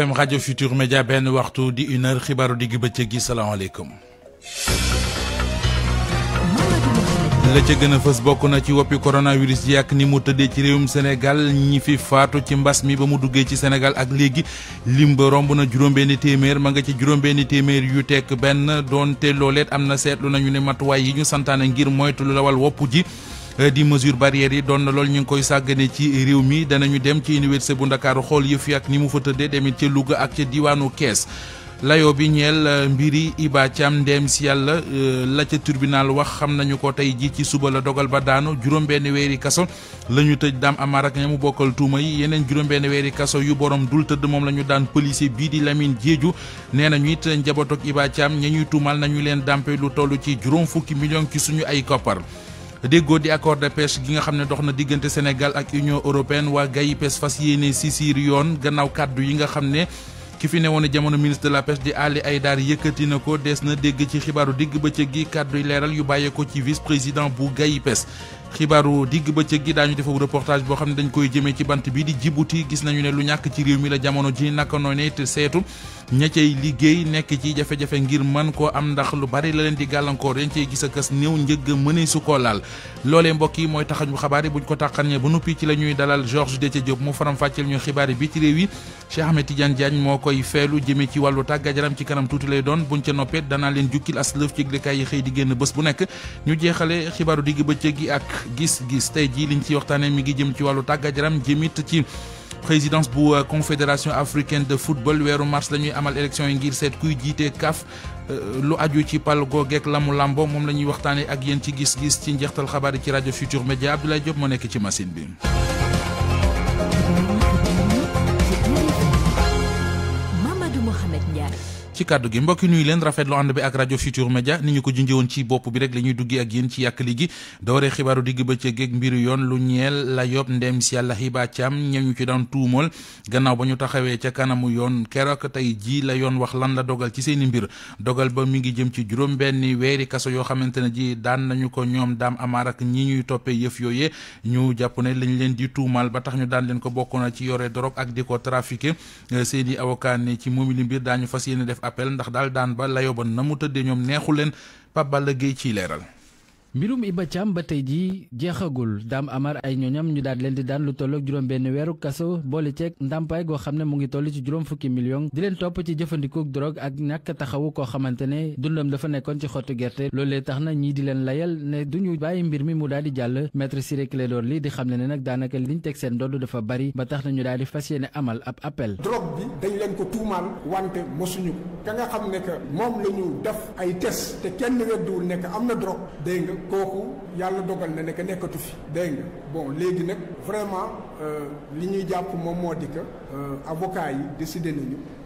FM rajo Futur Média benn waxtu di une xibaaru digg bëccëg gi salaamaaleykum. la ca gën fës bokk na ci woppi coronavirus yi ak ni mu tëddee ci réewum senegal ñi fi faatu ci mbas mi ba mu duggee ci senegal ak léegi lim ba romb na juróom-benni téeméer ma nga ci juróom-benni téeméer yu tekk benn doonte looleet am na seetlu nañu ne matuwaay yi ñu santaane ngir moytu lu lawal wopp ji. Euh, di mesure barrières yi doon na lool ñu ngi koy sàggane ci réew mi danañu dem ci université bu Ndakaaru xool yëf yi ak ni mu fa tëddee demit ca Louga ak ca diwaanu Kees layo bi ñeel euh, mbiri Iba Thiam ndeem si yàlla euh, la ca tribunal wax xam nañu ko tey ji ci suba la dogal ba daanu juróom-benn weeri kaso la ñu tëj daam amaar ak ña mu bokkal tuuma yi yeneen juróom-benn weeri kaso yu borom dul tëdd moom la ñu daan policier bii di Lamine Diédhiou nee nañu it njaboot ak Iba ña ñuy tuumal nañu leen dàmpe lu toll ci juróom fukki million ci suñu ay koppar déggoo di accord de pêche gi nga xam ne Sénégal ak Union européenne waa GAIPES fas yéene yoon gannaaw kàddu yi nga ne ki fi ministre de la pêche di Ali yëkkati na ko des na dégg ci xibaaru digg vice président bu xibaaru digg bëccëg gi daañu defawu reportage boo xam ne dañ koy jëmee ci bant bi di Djibouti gis nañu ne lu ñàkk ci réew mi la jamono ji naka noonu it seetu ña cay liggéey nekk ci jafe-jafe ngir mën koo am ndax lu bari la leen di gàllankoor dañ cey gis a kës néew njëgg mënee su ko laal loolee mbokk yi mooy taxañu xabaar yi buñ ko tàqanee ba noppi ci la ñuy dalal Georges Déthié Diop mu faram fàcceel ñu xibaar yi bi ci réew yi Cheikh Ahmed Tidiane Diagne moo koy feelu jëmee ci wàllu tàggat ci kanam tuuti lay doon buñ ca noppee danaa leen jukkil as lëf ci yi xëy di génn bés bu nekk ñu jeexale xibaaru digg bëccëg gi ak gis-gis tey jii liñ ciy waxtaanee mi ngi jëm ci wàllu tàggat yaram jëmit ci présidence bu euh, confédération africaine de football weeru mars la ñuy amal élection yi ngir seet kuy jiitee CAF euh, lu aju ci pal googeek lamu lambo moom la ñuy waxtaanee ak yéen ci gis-gis ci njeextal xabaar yi ci rajo Futur Média Abdoulaye Diop moo nekk ci machine bi. ci kàddu gi mbokki nuyu leen rafetlu ànd bi ak rajo Futur Media ni ñu ko junjëwoon ci bopp bi rek la ñuy duggi ak yéen ci yàkkali gi dooree xibaaru digg bëccëg ak mbiru yoon lu ñeel la yob ndem si yàlla Hiba Thiam ñem ñu ci daan tuumal gannaaw ba ñu taxawee ca kanamu yoon keroog tey jii la yoon wax lan la dogal ci seeni mbir dogal ba mi ngi jëm ci juróom benni weeri kaso yoo xamante ne ji daan nañu ko ñoom daam amaar ak ñi ñuy toppee yëf yooyee ñu jàpp ne lañ leen di tuumal ba tax ñu daan leen ko bokk na ci yore drogue ak di ko trafiqué seeni avocat ne ci moomi li mbir daañu fas yéene def appel ndax daal daan ba layo ba na mu tëddee ñoom neexu leen Pape Balla ciy leeral mbirum Iba Thiam ba tey jii jeexagul daam amar ay ñoñam ñu daal leen di daan lu tolloog juróom benn weeru kaso boole ceeg ndàmpaay goo xam ne mu ngi toll ci juróom fukki million di leen topp ci jëfandikook drogue ak ñàkk taxawu koo xamante ne dundam dafa nekkoon ci xottu gerte loolee tax na ñii di leen layal ne duñu bàyyi mbir mi mu daal di jàll maître Ciré Clédor Ly di xam ne ne nag daanaka liñ teg seen ndodd dafa bari ba tax na ñu daal di fas yéene amal ne que moom la ñu def ay test te kenn wedduwul nekk na kooku yalla dogal na nek nekatu fi dégg bon legui nak vraiment euh liñuy japp mom modi di euh avocat yi décider nañu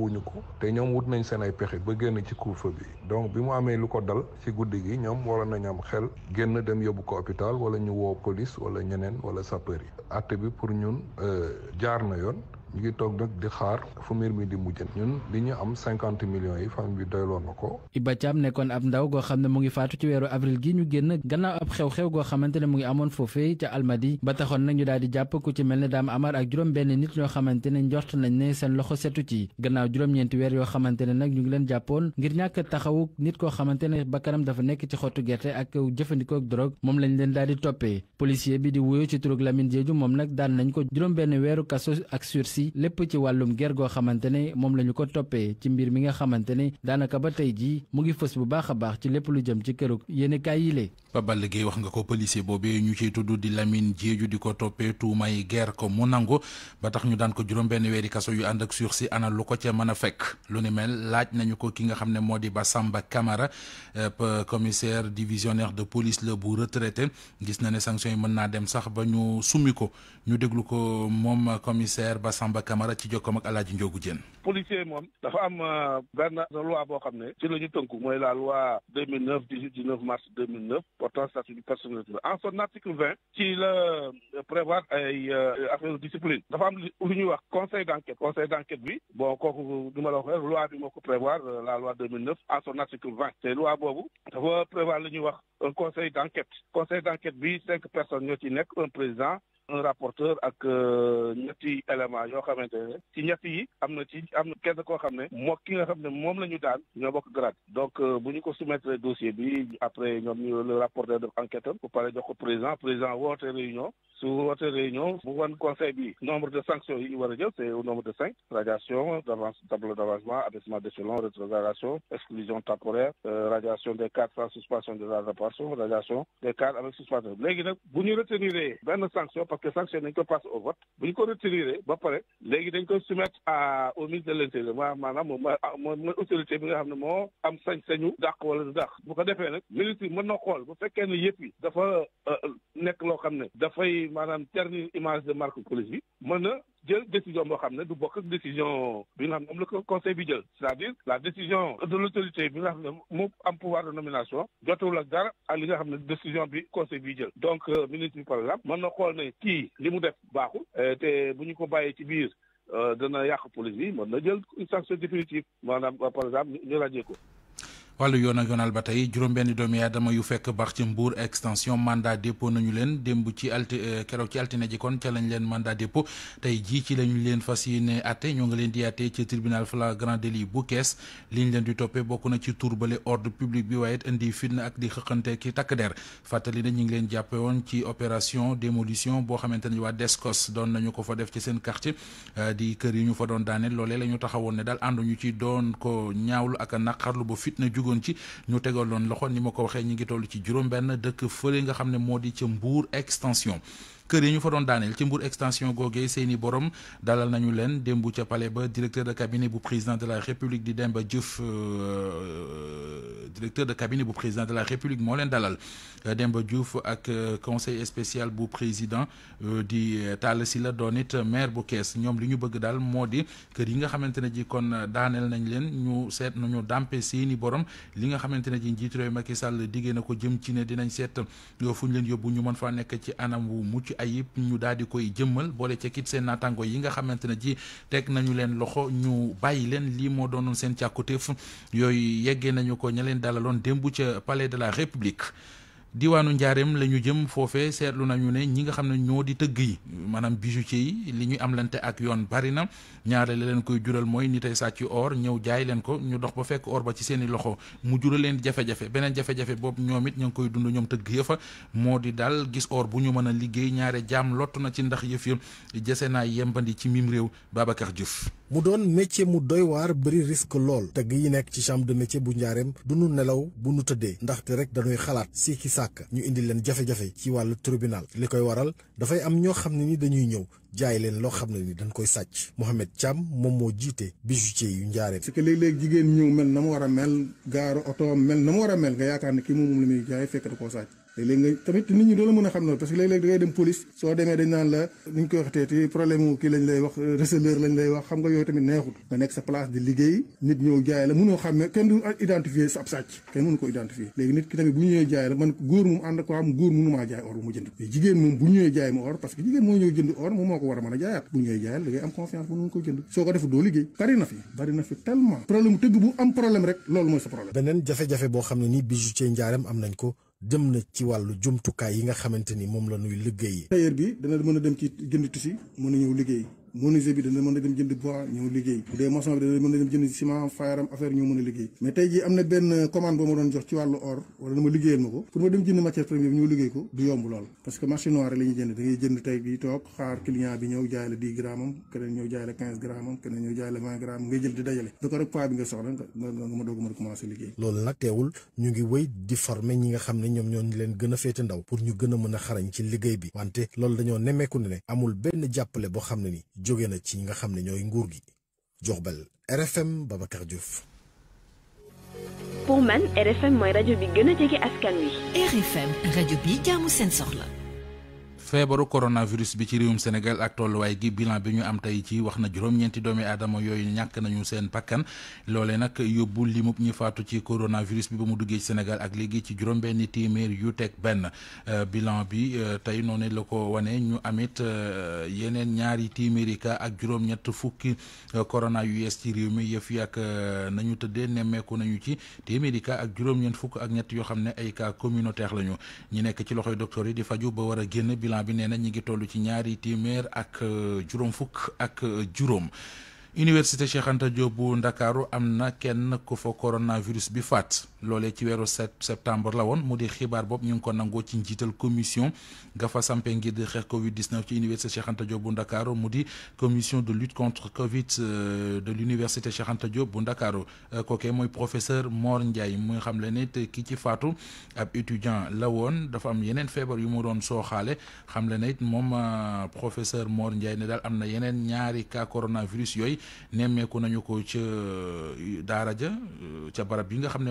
woowuñu ko te ñoom wut nañ seen ay pexe ba génn ci couvre bi donc bi mu amee lu ko dal ci guddi gi ñoom waroon nañ am xel génn dem yóbbu ko hôpital wala ñu woo police wala ñeneen wala sapeur yi. àtte bi pour ñun euh, jaar na yoon. ñu ngi toog nag di xaar fu mbir mi di mujjën ñun li ñu am cinquante millions yi famille bi doyloo na ko Iba Thiam nekkoon ab ndaw goo xam ne mu ngi faatu ci weeru avril gi ñu génn gannaaw ab xew-xew goo xamante ne mu ngi amoon foofee ca Almadi ba taxoon nag ñu daal di jàpp ku ci mel ne Dame Amar ak juróom benn nit ñoo xamante ne njort nañ ne seen loxo setu ci gannaaw juróom-ñeenti weer yoo xamante ne nag ñu ngi leen jàppoon ngir ñàkk taxawu nit koo xamante ne bakkanam dafa nekk ci xottu gerte ak jëfandikoo drogue moom lañ leen daal di toppee policier bi di wuyoo ci turug Lamine Diédhiou moom nag daan nañ ko juróom benn weeru kaso ak si lépp ci walum ger go xamante mom lañu ko topé ci mbir mi nga xamante danaka ba tay ji mu ngi fess bu baax baax ci lépp lu jëm ci kërug yéenekaay yi ba balle gey wax nga ko policier bobé ñu ci tuddu di Lamine Diédhiou di ko tout may guerre ko mu nangu ba tax ñu dan ko juroom ben wéri kasso yu ak ana lu ko ci mëna fekk lu ni mel laaj nañu ko ki nga modi Camara euh, commissaire divisionnaire de police le bu retraité gis na né sanction yi mëna dem sax ba ñu sumiko nous déglou ko mom commissaire Bassamba Camara ci jokkom ak Aladji Ndiogou policier mom dafa am ben loi bo xamné ci lañu tonku moy la loi 2009 18 19 mars 2009 portant statut du personnel en son article 20 qui le prévoir ay euh, affaire de discipline dafa am ouvrière wax conseil d'enquête conseil d'enquête oui bon koku duma euh, la loi bi moko prévoir la loi 2009 en son article 20 c'est loi bobu dafa prévoir lu ñuy wax un conseil d'enquête conseil d'enquête oui cinq personnes ñoo ci nek un président un rapporteur ak euh, ñetti élément yoo xamante ci ñett yi am na ci am na kenn koo xam ne moo ki nga xam ne moom la ñu daan ñoo bokk grade donc euh, bu ñu ko soumettre dossier bi après ñoom ñu le rapporteur de enquête am bu pare jox ko président président woote réunion su woote réunion bu wan conseil bi nombre de sanctions yi ñu war a jël c'est au nombre de cinq radiation d'avance tableau d'avancement abaissement d'échelon rétrogradation exclusion temporaire euh, radiation des cadres sans suspension de la réparation radiation des cadres avec suspension léegi nag bu ñu retenir benn sanction que sanction nañ ko passe au vote bu ñu ko retiré ba pare léegi dañ koy soumettre à au ministre de l'intérieur maanaam ah, ah, moom mooy autorité bi nga xam ne moo am sañ-sañu dàq wala du dàq bu ko defee nag ministre yi mën na xool bu fekkee ne yëpp yi dafa euh, nekk loo xam ne dafay maanaam ternir image de marque police bi mën na jël décision boo xam ne du bokk ak décision bi nga xam moom la ko conseil bi jël c'est-à-dire la décision de l'autorité bi nga xam ne moo am pouvoir de nomination jotul ak dara ak li nga xam ne décision bi conseil bi jël donc euh, ministre bi par exemple mën na xool ne kii li mu def baaxul euh, te bu ñu ko bàyyee ci biir euh, dana yàq police bi mën na jël sanction définitive maanaam par exemple ñu ràjjee ko wàllu yon ak yonal batay tey juróom-benn doomi aadama yu fekk ci extension mandat dépôt nañu leen démb ci alt euh, keroog ci altine ji kon ca lañ leen mandat dépôt tey jii ci lañu leen fas yéene atte ñoo leen di atte ci tribunal flagrant délit bu kees liñ leen di toppee bokk na ci turbale ordre public bi waaye it indi fitna ak di xëqante ki takk der fàttali na ñu ngi leen jàppe woon ci opération démolition boo xamante ne waa Descos doon nañu ko fa def ci seen quartier euh, di kër yi ñu fa doon daaneel loolee la ñu taxawoon ne daal ànduñu ci doon ko ñaawlu ak naqarlu ba fitna jugo tegoon ci ñu loxo ni extension que yi ñu fa doon daaneel ci extension googee seeni borom dalal nañu leen démb ca palais ba directeur de cabinet bu président de la république di Demba euh, euh, directeur de cabinet bu président de la république moo leen dalal euh, Demba Diouf ak conseil spécial bu président di talasila Sylla maire bu Kees ñoom li ñu bëgg daal moo di kër yi nga xamante ne ji kon daaneel nañ leen ñu seet nañu dampe seeni borom li nga xamante ne ji njiit réew Macky Sall na ko jëm ci ne dinañ seet fu ñu leen yóbbu ayib ñu daal di koy jëmal boole ca kit seen naataango yi nga xamante ne ji teg nañu leen loxo ñu bàyyi leen lii moo doonoon seen càkkutéef yooyu yeggee nañu ko ña leen dalaloon démb ca palais de la république diwaanu njaareem la ñu jëm foofe seetlu nañu ne ñi nga xam ne ñoo di tëgg yi maanaam bijoutier yi li ñuy amlante ak yoon bari na ñaare la leen koy jural mooy ni tey sàcc or ñëw jaay leen ko ñu dox ba fekk or ba ci seen i loxo mu jural leen jafe-jafe beneen jafe-jafe boobu ñoom it ña ngi koy dund ñoom tëgg yëfa moo di daal gis or bu ñu mën a liggéey ñaare jaam lott na ci ndax yëf di jese naa yembandi ci miim réew Babacar Diouf mu doon métier mu doy waar bëri risque lool tëgg yi nekk ci chambre de métier bu njaareem du nu nelaw bu nu tëddee ndaxte rek dañuy xalaat si ki sàkk ñu indi leen jafe-jafe ci wàllu tribunal li koy waral dafay am ñoo xam ne ni dañuy ñëw jaay leen loo xam ne ni dañ koy sàcc Mohamed Thiam moom moo jiite bijoutier yu njaareem. parce que léeg jigéen ñëw mel na mu war a mel gaaru oto mel na mu war a mel nga yaakaar ne kii moom moom la muy jaay fekk da koo sàcc. léeg-léeg nga tamit nit ñi doo la mën a xam noonu parce que léeg-léeg da ngay dem police soo demee dañ naan la ni ñu koy waxtee ci problème wu kii lañ lay wax euh, receleur lañ lay wax xam nga yooyu tamit neexut nga nekk sa place di liggéey nit ñëw jaay la mënoo xam ne kenn du identifier sa ab sàcc kenn mënu ko identifier léegi nit ki tamit bu ñëwee jaay la man góor moom ànd ko am góor mënumaa jaay or bu mu jënd mais jigéen moom bu ñëwee jaay ma or parce que jigéen moo ñëw jënd or moom moo ko war a mën a jaayaat bu ñëwee jaayal da ngay am confiance mënu ko jënd soo ko doo liggéey bari na fi bari na fi tellement problème tëgg bu am problème rek loolu mooy sa problème beneen jafe-jafe boo xam ne ni bijoutier njaaram am nañ ko jëm na ci wàllu jumtukaay yi nga xamante ni moom la nuy liggéey. tailleur bi dana mën a dem ci jënd tissu mën a ñëw liggéey. menuisier bi dana mën a dem jënd bois ñëw liggéey bu dee maçon bi dana mën a dem jënd ciment faayaram affaire ñëw mën a liggéey mais tey jii am na benn commande boo ma doon jox ci wàllu or wala na ma liggéeyal ma ko pour ma dem jënd matière première bi ñëw liggéey ko du yomb lool parce que marché noir la ñuy jënd da jënd tey bi toog xaar client bi ñëw jaay la 10 grammam keneen ñëw jaay la 15 grammam keneen ñëw jaay la 20 gramme ngay a a nga xam ne ñoom ñoo leen gën a ndaw pour ñu gën a mën a xarañ ci liggéey bi wante loolu dañoo nemmeeku ne amul benn boo xam ne ni jóge na ci ñi nga xam ne ñooy nguur gi Diourbel RFM Babacar Diouf. mooy rajo bi gën jege askan wi. RFM rajo bi jaamu seen feebaru coronavirus bi ci réewum Sénégal ak tolluwaay gi bilan bi ñu am tey ci wax na juróom-ñeenti doomi aadama yooyu ñàkk nañu seen bakkan loolee nag yóbbu limub ñu faatu ci coronavirus bi ba mu duggee ci Sénégal ak léegi ci juróom-benni téeméer yu teg benn euh, bilan bi euh, tey noonu la ko wane ñu amit euh, yeneen ñaari téeméeri cas ak juróom-ñett fukki corona yu yees ci réew mi yëf yi ak nañu tëddee nemmeeku nañu ci téeméeri cas ak juróom-ñeent fukk ak ñett yoo xam ne ay cas communautaire lañu ñi nekk ci loxoy docteur yi bi nee na ñi ngi toll ci ñaari téeméer ak euh, juróom fukk ak euh, juróom université Cheikh Anta Diop Ndakaaru am na kenn ku fa coronavirus bi faat lolé ci 7 septembre la woon mu di xibaar ñu ko nango ci commission ga fa sampe ngir di covid 19 ci université Cheikh Anta Diop bu commission de lutte contre covid euh, de l'université Cheikh Anta Diop bu euh, professeur Mor Ndiaye muy xam ki ci ab étudiant la woon dafa am yenen fièvre yu mu doon xam euh, professeur Mor Ndiaye né dal amna yenen ñaari coronavirus yoy ko nañu ko ci daara ja ci barab bi nga xamné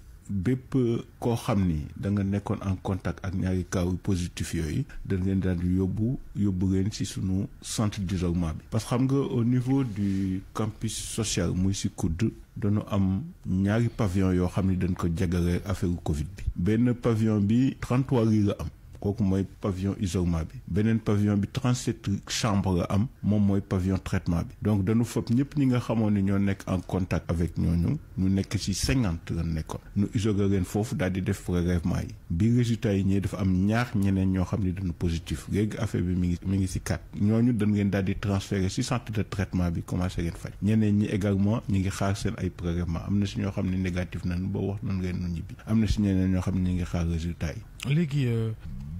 bépp koo xam ni da nga nekkoon en contact ak ñaari kaaw positif yooyu dañ leen daal di yóbbu yóbbu leen ci sunu centre d'isolement bi parce que xam nga au niveau du campus social muy si kudd dañu am ñaari pavillon yoo xam ni dañ ko jagale affaire Covid bi benn pavillon bi 33 lits la am kooku mooy pavillon isolement bi beneen pavillon bi 37 chambre la am moom mooy pavillon traitement bi donc dañu fab ñëpp ñi nga xamoon ni ñoo nekk en contact avec ñooñu ñu nekk ci cinquante la nekkoon ñu isolé leen foofu daal di def prélèvement yi bi résultat yi ñëwee dafa am ñaar ñeneen ñoo xam ne dañu positif léegi affaire bi mi ngi mi ngi ci kat ñooñu dañ leen daal di transféré ci centre de traitement bi commencé leen faj ñeneen ñi également ñi ngi xaar seen ay prélèvement am na ñoo xam ne négatif nañu ba wax nañ leen nu ñibbi ñoo xam ne ñi ngi xaar résultat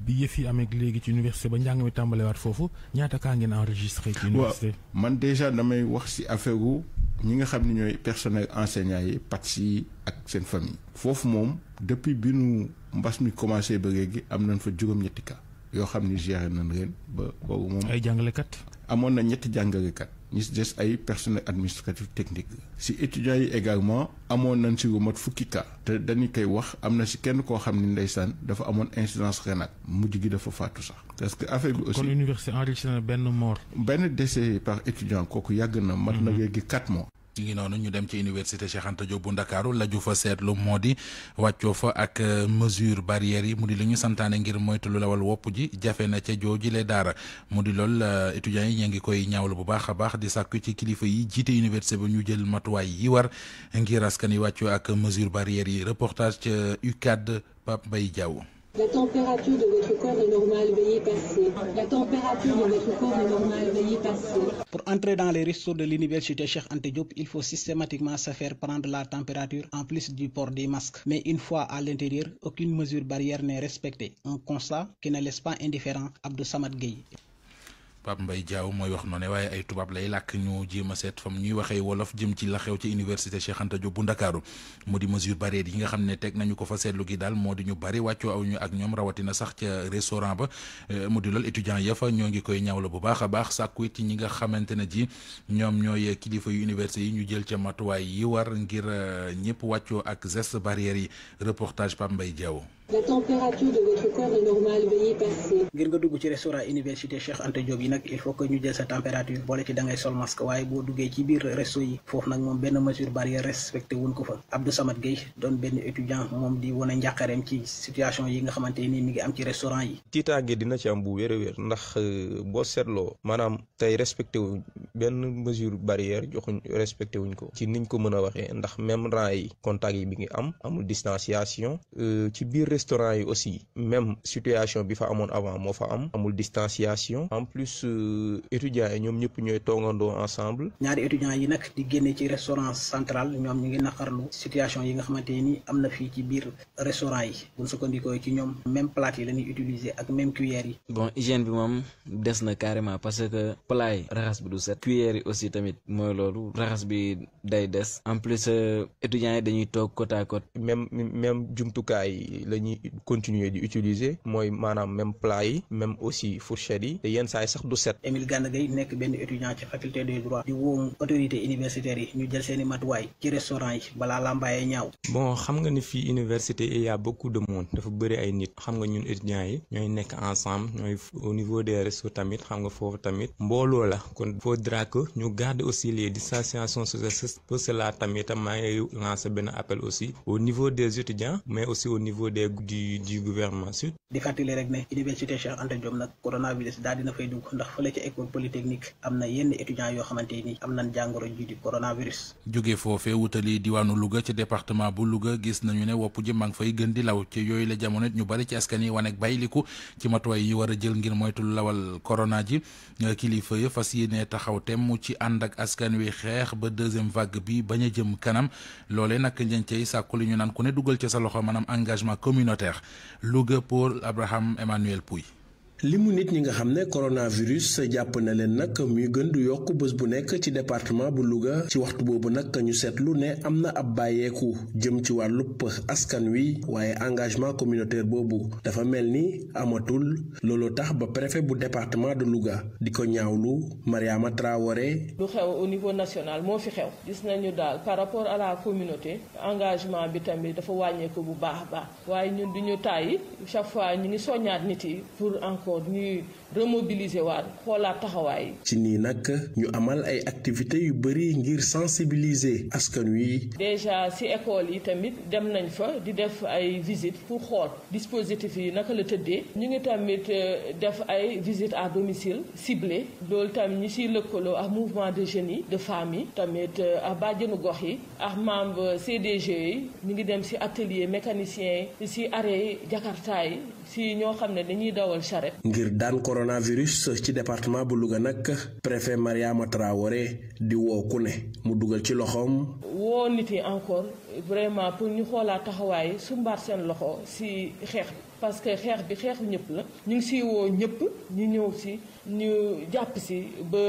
bi yëf yi amee léegi ci université ba njàng mi tàmbalewaat foofu ñaata kaa ngeen enregistré. ci université waaw man déjà damay wax ci affaire gu ñi nga xam ne ñooy personnel enseignant yi PATS yi ak seen famille. foofu moom depuis bi nu mbas mi commencé ba léegi am nañ fa juróom-ñetti cas yoo xam ni na nañ leen ba boobu moom. ay jàngalekat. amoon na ñetti jàngalekat. ni si des ay personnel administratif technique si étudiants yi également amone nañ si lu mat fukki cas te dañu koy wax amna ci kenn ko xamni ndaysan dafa amone incidence rénale mujj gi dafa faatu sax parce que affaire bi aussi kon université enregistré na benn mort ben décès par étudiant koku yàgg na mat na mhm. léegi 4 mois ci ngi noonu ñu dem ci université Cheikh Anta Diop Ndakaaru la fa seetlu moo di wàccoo fa ak euh, mesure barrières yi mu di li ñu santaane ngir moytu lu lawal wopp ji jafe na ca jooju le daara mu di lool euh, étudiants yi ñu ngi koy ñaawlu bu baax a baax di sàkku ci kilifa yi jiite université ba ñu jël matuwaay yi war ngir askan yi wàccoo ak mesure barrières yi reportage ca UCAD Pape Mbaye Diaw. La température de votre corps est normale, veuillez passer. La température de votre corps est normale, veuillez passer. Pour entrer dans les ressources de l'université Cheikh Ante Diop, il faut systématiquement se faire prendre la température en plus du port des masques. Mais une fois à l'intérieur, aucune mesure barrière n'est respectée. Un constat qui ne laisse pas indifférent Abdou Samad Gueye. Pape mbay jaaw mooy wax noonu waaye ay tubaab lay làkk ñu jéem a seet fam ñuy waxee wolof jëm ci la xew ci université Cheikh Anta Diop bu Ndakaaru mu di mesure barrière yi nga xam ne teg nañu ko fa seetlu gi daal moo di ñu bari wàccoo aw ñu ak ñoom rawatina sax ca restaurant ba eh, mu di lool étudiant ya fa ñoo ngi koy ñaw la bu baax a baax sàkku it ñi nga xamante ne ji ñoom ñooy kilifa yu université yi ñu jël ca matuwaay yi war ngir eh, ñëpp wàccoo ak geste barrière yi reportage Pape Mbaye Diaw La température de votre corps est normale, Veillez passer. ngir nga dugg ci restaurant université Cheikh Anta Diop yi nag il faut que ñu jël sa température boole ci da ngay sol masque waaye boo duggee ci biir resto yi foofu nag moom benn mesure barrière respecté wuñ ko fa Abdou Samad Gueye donne benn étudiant moom di wane njàqareem ci situation yi nga xamante ni mi ngi am ci restaurant yi. tiitaange dina ci am bu wér a wér ndax euh, boo seetloo maanaam tey respecté wuñ benn mesure barrière joxuñ respecté wuñ ko ci niñ ko mën a waxee ndax même rang yi contact yi bi ngi am amul distanciation euh, ci biir restaurant yi aussi même situation bi fa amone avant mo fa am amul distanciation en plus euh, étudiants ñom ñep ñoy ñooy ensemble ñaari étudiants yi nak di génne ci restaurant central ñom ñu ngi nakarlu situation yi nga xamanteni amna fi ci bir restaurant yi buñ sukkandikoo ci ñom même plate yi la utiliser ak même cuillère yi bon hygiène bi mom dess na carrément parce que plat yi raxas bi du set cuillère yi aussi tamit moy lolu raxas bi day dess en plus euh, étudiants yi dañuy tok côte à côte même même jumtukaay lañuy continuer di utiliser moy manam même plat même aussi fourchette et yens yenn saa sax du set. Émile Gana Gueye nekk étudiant ci faculté de droit di wóom autorité universitaire yi ñu jël seeni matuwaay ci restaurant yi bala lambaye bon xam nga ni fi université il y a beaucoup de monde dafa bëri ay nit xam nga ñun étudiant yi ñoy nek ensemble au niveau des restos tamit xam nga foofu tamit mbooloo la kon faudra que ñu garder aussi les distanciations sociales pour cela tamit tamay lancer ben appel aussi au niveau des étudiants mais aussi au niveau des du du gouvernement sud. di fàttali rek ne université Cheikh Anta diom nak coronavirus dal dina fay dug ndax fele ci école polytechnique amna yenn étudiants yo xamanteni am nañ ji di coronavirus. jóge fofé wutali diwanu Louga ci département bu Louga gis nañu ne wopp ji mang fay gën di law ci yoy la jamono ñu bari ci askani yi waneeg ci matoy yi wara jël ngir moytu lawal corona ji kilifa ya fas yéene taxaw temm ci andak askan wi xex ba deuxième vague bi baña jëm kanam loolee nag njëncey sàkku li ñu nan ku ne duggal ci sa loxo manam engagement communautaire pour Abraham Emmanuel Pouy limu nit ñi nga xam ne coronavirus jàpp na leen nag muy gën du yokk bés bu nekk ci département bu Louga ci waxtu boobu nag ñu seetlu ne am na ab bàyyeeku jëm ci wàllub askan wi waaye engagement communautaire boobu dafa mel ni amatul loolu tax ba préfet bu département de Louga di ko ñaawlu Mariama Traoré. lu xew au niveau national moo fi xew gis nañu daal par rapport à la communauté engagement bi tamit dafa wàññeeku bu baax baax waaye ñu tàyyi encore remobiliser waat xoolaat taxawaay ci nii ñu amal ay activités yu bëri ngir sensibiliser askan wi. déjà yi tamit dem visites pour xool dispositif yi naka la tëddee ñu tamit euh, def visites à domicile ciblées loolu tam ñi mouvement de génie de famille yi tamit euh, ak bàjjenu gox yi CDG yi ñu ngi dem ci atelier mécanicien ici si ñoo xam ne dañuy dawal charrette. ngir daan coronavirus ci département bu Louga nag préfet Mariama Traoré di woo ku ne mu dugal ci loxoom. woo nit yi encore vraiment pour ñu xoolaa taxawaay su sumbaat seen loxo si xeex bi parce que xeex bi xeexu ñëpp la ñu ngi si woo ñëpp ñu ñëw si. ñu jàpp si ba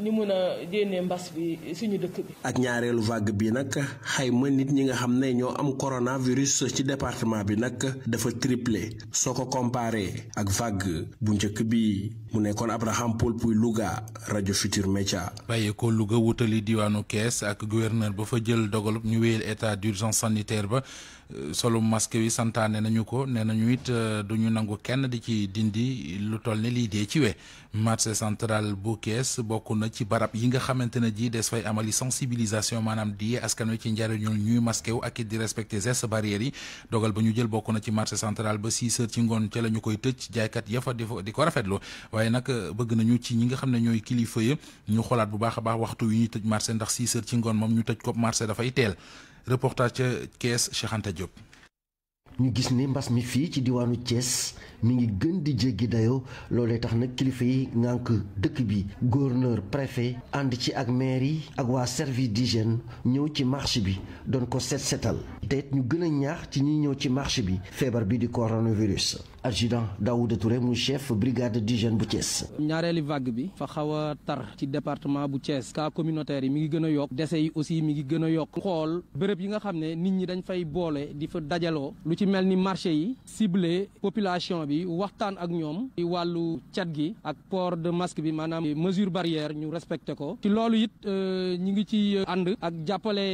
ñu mun a génnee mbas bi suñu dëkk bi. ak ñaareelu vague bi nag xayma nit ñi nga xam ne ñoo am coronavirus ci département bi nag dafa triplé soo ko comparé ak vague bu njëkk bi mu nekkoon Abraham Paul Puy Louga rajo Futur Media. bàyyi ko Louga wutali diwaanu Kees ak gouverneur ba fa jël dogalub ñu wéyal état d'urgence sanitaire ba euh, solo masque wi santaane nañu ko nee nañu it euh, duñu nangu kenn di ci dindi lu toll ne lii dee ci we marché central bu Kees bokk na ci barab yi nga xamante ne ji des fay amali sensibilisation maanaam di askan wi ci njariñul ñuy masqué wu ak it di respecté gestes barrières yi dogal ba ñu jël bokk na ci marché centrale ba 6 heures ci ngoon ca la koy tëj jaaykat ya fa di di ko rafetlu waaye nag euh, bëgg nañu ci ñi nga xam ne ñooy kilifa yi ñu xoolaat bu baax a baax waxtu wi ñu tëj marché ndax 6 heures ci ngoon moom ñu tëj ko marché dafay teel reportage ca Kees Cheikh Anta ñu gis ni mbas mi fii ci diwaanu cees mi ngi gën di jéggi dayoo loolee tax na kilifa yi ngànk dëkk bi gouverneur préfet ànd ci ak maire yi ak waa service d'hygiène ñëw ci marché bi doon ko seet seetal te ñu gën a ñaax ci ñuy ñëw ci marché bi feebar bi di coronavirus adjudant Daouda Touré mon chef brigade d'hygiène bu Thiès. vague bi fa xawa tar ci département bu ka cas communautaire yi mi ngi aussi mi ngi gën a yokk xool yi nga xamné nit ñi dañ fay bolé di fa lu ci melni marché yi ciblé population bi waxtaan ak ñom ci walu chat gi ak port de masque bi manam, mesure barrière ñu respecté ko ci lolu yit euh, ñi ngi ci and euh, ak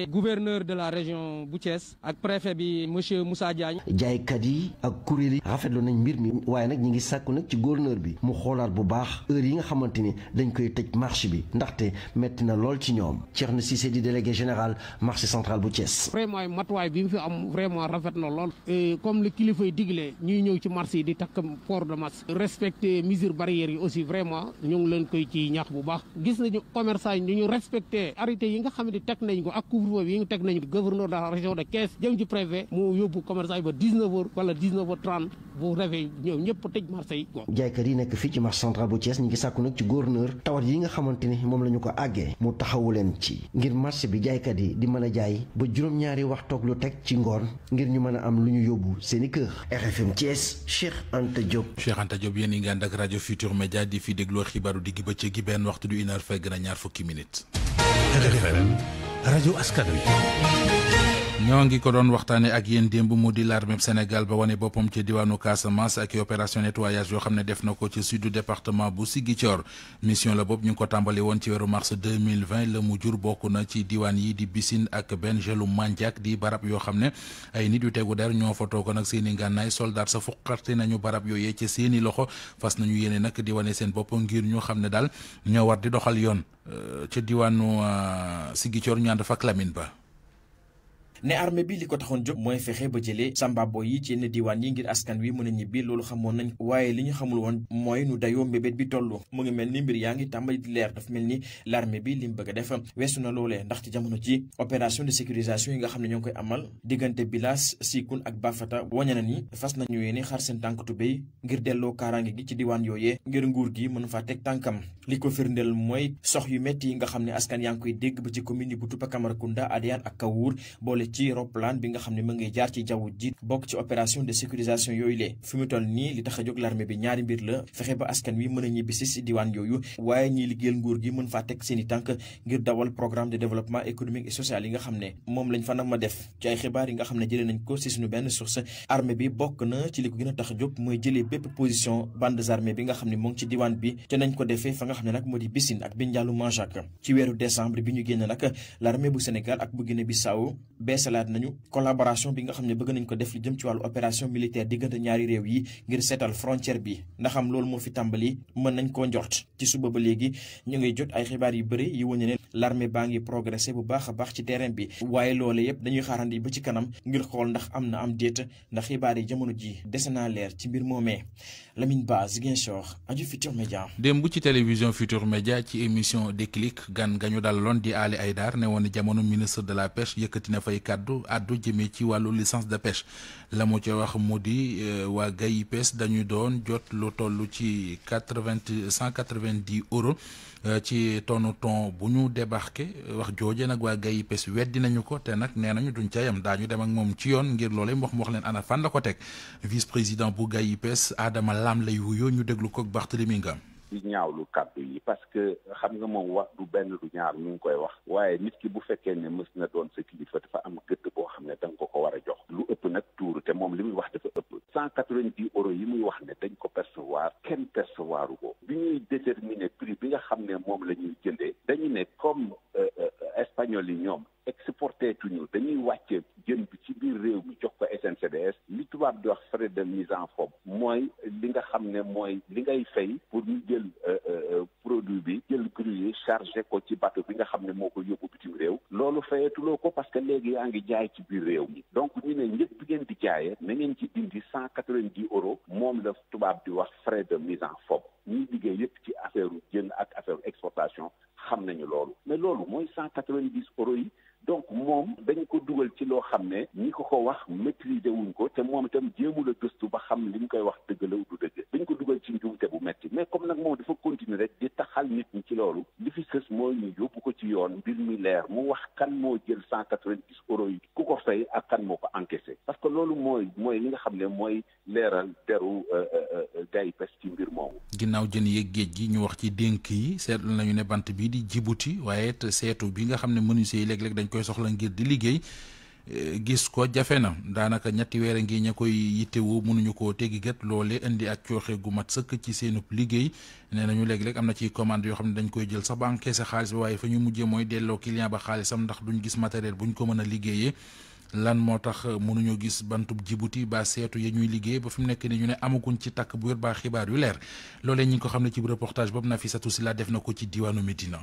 gouverneur de la région bu ak préfet bi monsieur Moussa Diagne. jaaykat yi ak kuréel rafetlu mbir mi waaye nag ñi ngi sàkku nag ci gouverneur bi mu xoolaat bu baax heure yi nga xamante ni dañ koy tëj marché bi ndaxte metti na lool ci ñoom Thierno Cissé di délégué général marché central bu Thiès. vraiment matuwaay bi mu fi am vraiment rafet na lool. comme li kilifa yi diglee ñuy ñëw ci marché yi di takk port de masque. respecter mesures barrières yi aussi vraiment ñu ngi leen koy ci ñaax bu baax gis nañu commerçant yi ñu respecté arrêté yi nga xam ne teg nañ ko ak couvre-feu préfet yi ñoom ñëpp tëj marché yi jaaykat yi nekk fii ci marché central bu Thiès ñi ngi sàkku nag ci gouverneur tawat yi nga xamante ni moom la ñu ko àggee mu taxawu leen ci ngir marché bi jaaykat yi di mën a jaay ba juróom-ñaari waxtoog lu teg ci ngoon ngir ñu mën a am lu ñu yóbbu seeni kër RFM Thiès Cheikh Anta Diop Cheikh Anta Diop yéen i ngi ànd ak rajo Futur Média di fi dégloo xibaaru diggi bëccëg gi benn waxtu du une heure fekk na ñaar fukki minutes RFM askan wi ñoo ngi ko doon waxtaane ak yéen démb mu di l'armée Sénégal ba wane boppam ci diwaanu Casamance ak opération nettoyage yoo xam ne def na ko ci sud département bu Ziguinchor mission la boobu ñu ngi ko tàmbali woon ci weeru mars 2020 la mu jur bokk na ci diwaan yi di Bissine ak benn Bengelou Mandiack di barab yoo xam ne ay nit yu tegu der ñoo fa toog nag seen i ngànnaay soldat sa fuqarti nañu barab yooy ci seen i loxo fas nañu yéene nag di wane seen bopp ngir ñu xam ne daal ñoo war di doxal yoon euh, ca diwaanu euh, Ziguinchor ñu ànd fa ak Ba ne armée bi liko ko job moy fexé ba jélé samba boy yi ci ne diwan yi ngir askan wi mëna ñibi lolu xamoon nañ waye liñu xamul won moy nu dayo mbébét bi tollu mu ngi melni mbir yaangi tambay di lèr daf melni l'armée bi lim bëgg def wessu na lolé ndax ci jamono ci opération de sécurisation yi nga xamni ñong koy amal digënté bilas Sikun ak Bafata wone na ni fas nañu yéene xar seen tànk tubéy ngir delloo karangi gi ci diwan yoyé ngir nguur gi mënu fa tek tankam liko firndel moy sox yu metti nga xamni askan yaa ngi koy dégg ba ci commune bu Tupa kunda adiyan ak Kawour bolé ci roplaan bi nga xam ne ma ngay jaar ci jaww ji bokk ci opération de sécurisation yooyu lee fi mu toll nii li tax jóg l'armée bi mbir la fexe ba askan wi mën a ñibbisi diwaan yooyu waaye ñiy liggéeyal nguur gi mën faa teg seen i tànk ngir dawal programme de développement économique et social yi ne moom lañ fa na ma def ci ay xibaar yi nga xam ko si benn source armée bi bokk na ci li a tax mooy jëlee bépp position bandes armées bi nga xam ne moo ci diwaan bi te nañ ko defee ne nag moo di Bissine ak Binjaalu Manjak ci weeru décembre bi ñu génn nag l'armée bu Sénégal ak bu Guinée Bissau bees yeesalaat nañu collaboration bi nga xam ne bëgg nañ ko def li jëm ci walu opération militaire diggante ñaari réew yi ngir sétal frontière bi ndax am loolu mo fi tambali mën nañ ko njort ci suba ba légui ñu ngi jot ay xibaar yu bëri yi wëñu ne l'armée baa ngi progressé bu baax baax ci terrain bi waye loole yépp dañuy xaarandi ba ci kanam ngir xool ndax amna am ndax xibaar yi jëmono ji dessena ci mbir momé Lamine aju Futur Média démb ci télévision Futur Média ci émission Déclic gan gañu dal lon di Ali Aydar né won jamono ministre de la pêche yëkëti na fay kàddu àddu jëmee ci à licence de pêche la mu de wax mu di euh, waa GAIPES dañu doon jot 190 ci quatre vingt cent quatre vingt euros euh, ci ton ton débarqué wax à nag waa GAIPES weddi nañu ko te nag nee nañu duñ ca yem daañu ak ci la vice président pour GAIPES Adama Lam lay wuyoo ñu déglu ko di ñaawlu kàddu yi parce que xam nga moom wax du benn du ñaar ñu ngi koy wax waaye nit ki bu fekkee ne mës na doon sa kilifa dafa am gëdd boo xam ne da nga ko ko war a jox lu ëpp nag tuuru te moom li muy wax dafa ëpp cent quatre-vingt-dix euros yi muy wax ne dañ ko percevoir kenn percevoiru ko bi ñuy déterminer prix bi nga xam ne moom la ñuy jëndee dañu ne comme euh, euh, espagnol yi ñoom exporté tuñu dañuy wàcce jën bi ci biir réew mi jox ko SNCDS li tubaab di wax frais de mise en fob mooy li nga xam ne mooy li ngay fay pour ñu jël euh, euh, euh, produit bi jël cru yi chargé ko ci bateau bi nga xam ne moo ko yóbbu bitim réew loolu fayatuloo ko parce que léegi yaa ngi jaay ci biir réew mi donc ñu ne ñëpp bi ngeen di jaayee na ngeen ci dindi 190 quatre vingt euros moom la tubaab di wax frais de mise en fob ñi liggéey yëpp ci affaire jën ak affaire exportation xam nañu loolu mais loolu mooy 190 quatre euros yi donc moom dañ ko dugal ci loo xam ne ñi ko ko wax maîtriser wuñ ko te moom itam jéemul a gëstu ba xam li ñu koy wax dëgg la du dëgg dañ ko dugal ci njuumte bu metti mais comme nag moom dafa continuer rek di taxal nit ñi ci loolu li fi sës mooy ñu yóbbu ko ci yoon mbir mi leer mu wax kan moo jël cent quatre-vingt-dix euros yi ku ko fay ak kan moo ko encaissé parce que loolu mooy mooy li nga xam ne mooy leeral deru euh, euh, euh, gars yi pes ci mbir moomu ginnaaw jën yeeg géej gi ñu wax ci dénk yi seetlu nañu ne bant bii di Djibouti waaye seetu bi nga xam ne menuisier yi léeg-léeg dañ koy soxla ngir di liggéey e, gis ko jafe na daanaka ñetti weer a ngi ña koy yittewoo mënuñu koo teggi gët loole indi ak cooxe gu mat sëkk ci seenub liggéey nee nañu léeg-léeg am na ci commande yoo xam ne dañ koy jël sax ba encaissé xaalis ba waaye fa ñu mujjee mooy delloo client ba xaalisam ndax duñ gis matériel buñ ko mën a liggéeyee lan moo tax e, mënuñu gis bantub Djibouti ba seetu ya ñuy liggéey ba fi mu nekk ni ñu ne amaguñ ci takk bu wér ba xibaar yu leer loolee ñi ngi ko xam ne ci reportage boobu Nafisatou Sylla def ci diwaanu Médina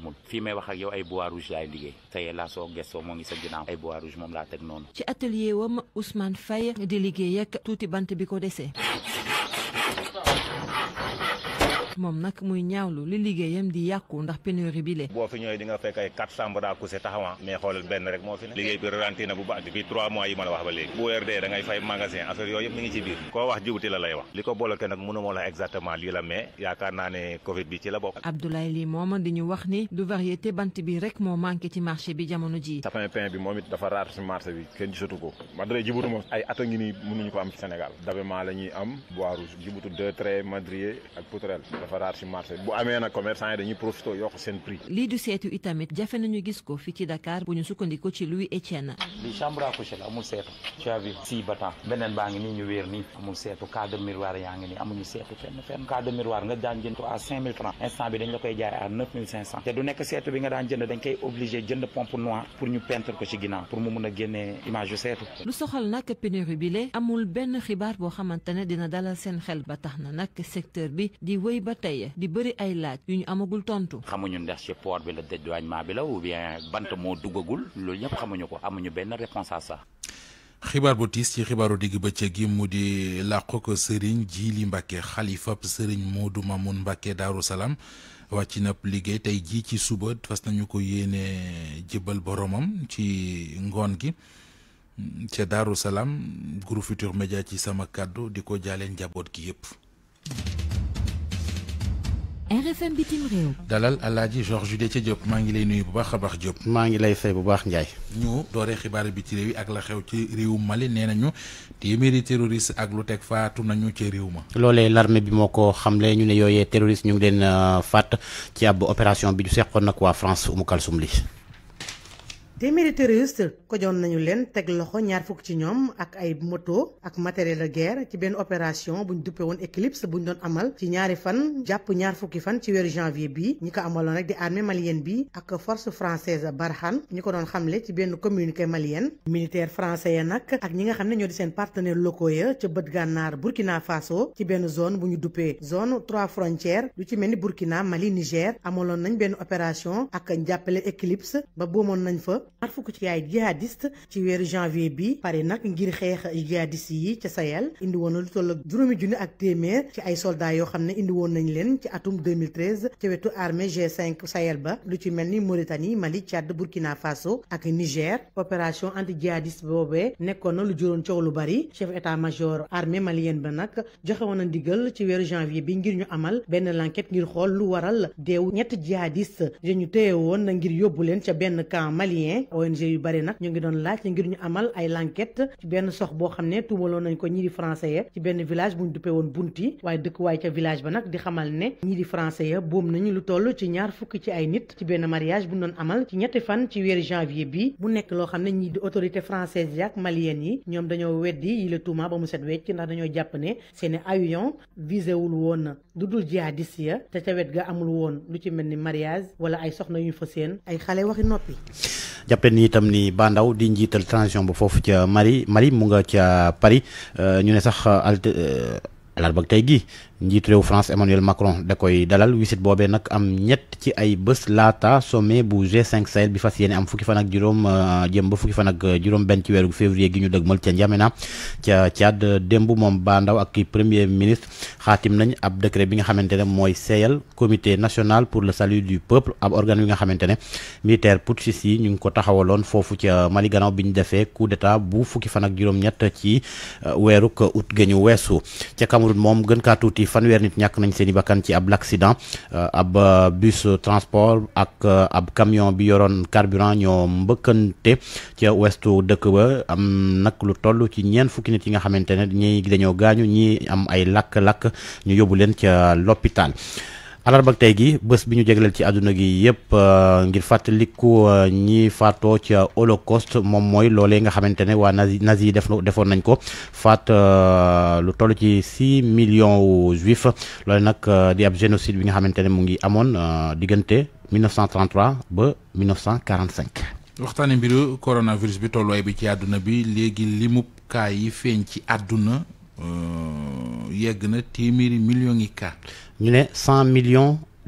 amul fii may wax ak yow ay bois rouge laay liggéey tey laa soo gestoo moo ngi sa ginnaaw ay bois rouge moom laa teg noonu ci atelier wam Ousmane di liggéey ak tuuti bant bi ko desee moom nag muy ñaawlu li liggéeyam di yàqu ndax pénurie bi le boo fi ñëwee di nga fekk ay quatre cent bras couché taxawan mais xoolal benn rek moo fi ne liggéey bi na bu baax depuis trois mois yi ma la wax ba léegi bu da ngay fay magasin affaire yooyu yëpp mi ngi ci biir koo wax la lay wax li ko bloqué nag mënu la exactement lii la mais yaakaar naa ne covid bi ci la bokk Abdoulaye lii mooma di ñu wax ni du variété bant bi rek moo manqué ci marché bi jamono ji bi moom it dafa si marché bi kenn gisatu ko jibutu moom ay at ngi nii mënuñu ko am ci Sénégal dabe maa la ñuy am bois jibutu deux traits madrier ak poutrelle defaraat lii du seetu itamit jafe nañu gis ko fi ci Dakar beneen baa ngi nii ñu wéer nii amul seetu cas de yaa ngi nii amuñu seetu fenn fenn cas de nga daan jënd à te du nekk seetu bi nga daan jënd dañ koy obligé jënd pompe noire pour ñu peintre ko ci ginnaaw pour mu mun a génnee image seetu lu soxal nag pénurie bi amul benn xibaar boo xamante dina dalal seen xel ba tax na nag secteur bi di wéy ba tey di bari ay laaj yu ñu amagul tontu. xamuñu ndax ci port bi la dédouanement bi la ou bien bant moo duggagul loolu ñëpp xamuñu ko amuñu benn réponse à xibaar bu tiis ci xibaaru digg bëccëg gi mu di làqu ko sëriñ li Mbàkke xalifa sëriñ Moodu Mamun Mbàkke Daaru Salaam wàcc na liggéey tey jii ci suba fas nañu ko yéene jëbal boromam ci ngoon gi ca Daaru Salaam Groupe Futurs Médias ci sama kàddu di ko jaaleen njaboot gi yëpp RFM bitim dalal aladi Georges Déthié Diop maa ngi lay nuyu bu baax baax Diop. maa lay fay bu baax Ndiaye. ñu dooree xibaar bi ci ak la xew ci Mali nee nañu téeméeri terroriste ak lu teg faatu nañu ci ma. l'armée bi moko ko terroriste ñu ngi leen euh, faat ci opération bi du seqoon nag France Umu Kalsum téeméeri terroriste kojoon nañu leen teg loxo ñaar fukk ci ñoom ak ay moto ak matériel de guerre ci benn opération buñ duppe woon éclipse buñ doon amal ci ñaari fan jàpp ñaar fukki fan ci weeru janvier bi ñi ko amaloon rek di armée malienne bi ak force française Barkhane ñi ko doon xamle ci benn communiqué malienne militaire français ya nag ak ñi nga xam ne ñoo di seen partenaire locaux ya ca bët gànnaar Burkina Faso ci benn zone bu ñu duppee zone trois frontières lu ci mel ni Burkina Mali Niger amaloon nañ benn opération ak njàppale éclipse ba boomoon nañ fa ñaar fukk ci yaay jihadiste ci weeru janvier bi pare nag ngir xeex jihadiste yi ca Sahel indi woon na lu toll ak juróomi junni ak téeméer ci ay soldats yoo xam ne indi woon nañ leen ci atum 2013 ca wetu armée G5 Sahel ba lu ci mel ni Mauritanie Mali Tchad Burkina Faso ak Niger opération anti jihadiste boobee nekkoon na lu juróon coow lu bari chef état major armée malienne ba nag joxe woon na ndigal ci weeru janvier bi ngir ñu amal benn l'enquête ngir xool lu waral deewu ñett jihadiste dañu téye woon na ngir yóbbu leen ca benn camp malien ONG yu bari nak ñu ngi doon laaj ngir ñu amal ay l'enquête ci benn sox boo xam ne tuumaloon nañ ko ñi di français ya ci benn village buñ ñu duppee woon Bunti waaye dëkkuwaay ca village ba nag di xamal ne ñi di français ya boom nañu lu toll ci ñaar fukki ci ay nit ci benn mariage buñ ñu doon amal ci ñetti fan ci weeru janvier bi mu nekk loo xam ne ñi di autorité française yi ak malienne yi ñoom dañoo weddi yi le tuuma ba mu set wecc ndax dañoo jàpp ne seeni avion visé wul woon lu dul jihadis ya te ca wet ga amul woon lu ci mel ni mariage wala ay soxna yu fa seen ay xale waxi noppi jàppale ni itam ni Ba Ndaw di njiital transition ba foofu ca mari mari mu nga ca Paris euh, ñu ne sax euh, alte alarba euh, tey gii njiit au France Emmanuel Macron da koy dalal wisit bobé nak am ñett ci ay bés lata sommet bu G5 Sahel bi fas am fukki fan ak juróom euh, jëm ba fukki fan ak euh, juróom ben ci wéru février gi ñu dëgmal ci N'Djamena ci Tchad dembu mom Ba Ndaw ak premier ministre Khatim nañ ab décret bi nga xamantene moy mooy comité national pour le salut du peuple ab organe wi nga xamantene militaire putschistes ñu ko taxawalon fofu ci Mali ganaw bi ñu coup d'état bu fukki fan ak qui ñett ci wéru ko out ñu wessu ci Cameroun mom gën ka tuti fanweer nit ñàkk nañ seen i bakkan ci ab l'accident euh, ab euh, bus transport ak euh, ab camion bi yoroon carburant ñoo mbëkkante ca westu dëkk ba am nag lu toll ci ñeent fukki nit yi nga xamante ne ñii dañoo gaañu ñii am ay lakk-lakk ñu yóbbu leen ca l'hôpital alarba tey gi bës bi ñu jagleel ci àdduna gi yëpp euh, ngir fàttaliku euh, ñi faatoo ca holocauste moom mooy loolee nga xamante ne waa nazi nazi yi def defoon nañ ko faat euh, lu toll ci six millions juif loole nag di ab génocide bi nga xamante ne mu ngi amoon diggante 1933 ba 1945. waxtaane mbiru coronavirus bi tolluwaay bi ci àdduna bi léegi limub cas yi feeñ ci àdduna yegg na téeméeri million yi cas il est 100 millions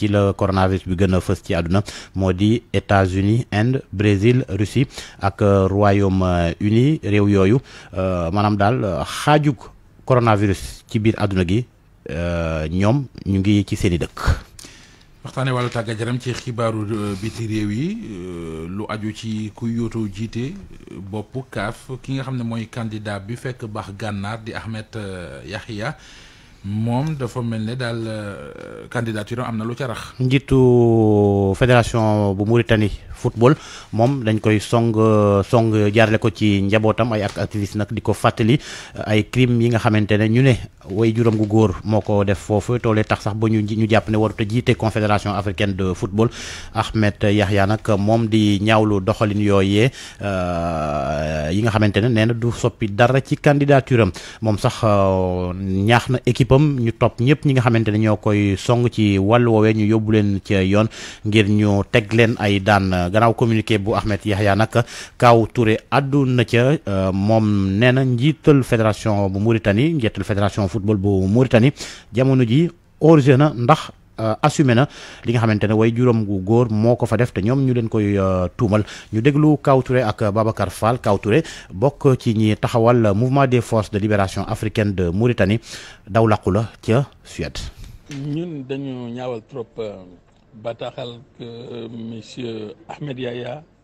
ci le coronavirus bi gëna fess ci aduna modi États-Unis Inde Brésil Russie ak euh, Royaume-Uni réew Madame euh, manam dal euh, xaju coronavirus ci biir aduna gi ñom ñu ngi ci seeni dekk waxtane walu tàggat yaram ci xibaaru biti rew yi lu aju ci ku yoto jité bop kaaf ki nga xamne moy candidat bi fekk bax di Ahmed Yahya mom dafa mel dal euh, candidature amna lu ci rax. njitu federation bu Mauritanie football mom dañ koy song song jarle ko ci njabotam ay activiste nak diko ko ay crime yi nga xamantene ñu ne way juróom gu góor moko ko def fofu tole tax sax ba ñu ñu japp ne waru ta jité confédération africaine de football Ahmed Yahya nak mom di ñaawlu doxalin euh yi nga xamantene neena du soppi dara ci candidature mom sax euh, ñaax na équipe. équipe am ñu topp ñëpp ñi nga xamante ne ñoo koy song ci wàllu woowee ñu yóbbu leen ci yoon ngir ñu teg leen ay daan gannaaw communiqué bu Ahmed Yahya nag Kaaw Touré àddu na ca euh, moom nee na njiital fédération bu Mauritanie njiital fédération football bu Mauritanie jamono ji origé na ndax Euh, assumé na li nga xamantene way juroom gu goor que fa def te ñom ñu leen koy euh, tumal ñu mouvement des forces de libération africaine de Mauritanie dawlaqula ci Suède. trop euh, que monsieur Ahmed